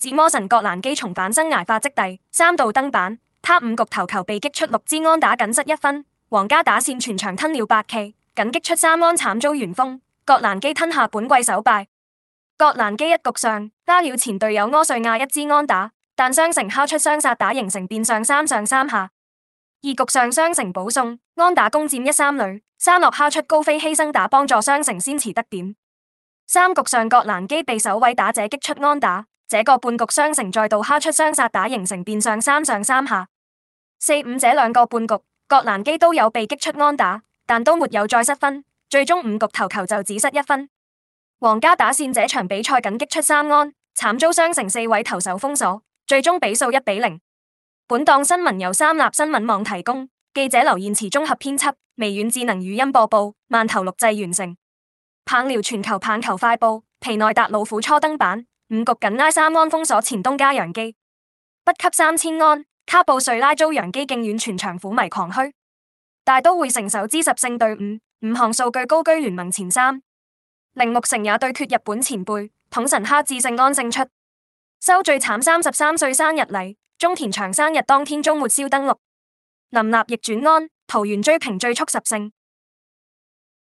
Z 魔神葛蘭基重返生涯發跡地第三度登板，他五局投球被擊出六支安打，僅失一分。皇家打線全場吞了八 K，僅擊出三安慘遭完封。葛蘭基吞下本季首敗。葛蘭基一局上拉了前隊友柯瑞亞一支安打，但雙城敲出雙殺打形成變相三上三下。二局上雙城保送，安打攻佔一三壘，三落敲出高飛犧牲打幫助雙城先馳得點。三局上葛蘭基被首位打者擊出安打。這個半局雙城再度哈出雙殺打形成變相三上三下。四五這兩個半局，葛蘭基都有被擊出安打，但都沒有再失分，最終五局投球就只失一分。皇家打線這場比賽僅擊出三安，慘遭雙城四位投手封鎖，最終比數一比零。本檔新聞由三立新聞網提供，記者劉彥池綜合編輯，微軟智能語音播報，慢頭錄製完成。棒聊全球棒球快報，皮內達老虎初登板。五局僅拉三安封鎖前東家洋基，不及三千安。卡布瑞拉遭洋基敬遠全場虎迷狂噓，大都會成首支十勝隊伍，五項數據高居聯盟前三。鈴木誠也對決日本前輩統神哈智勝安勝出，收最慘三十三歲生日禮。中田長生日當天中末消登錄，林立逆轉安，桃猿追平最速十勝。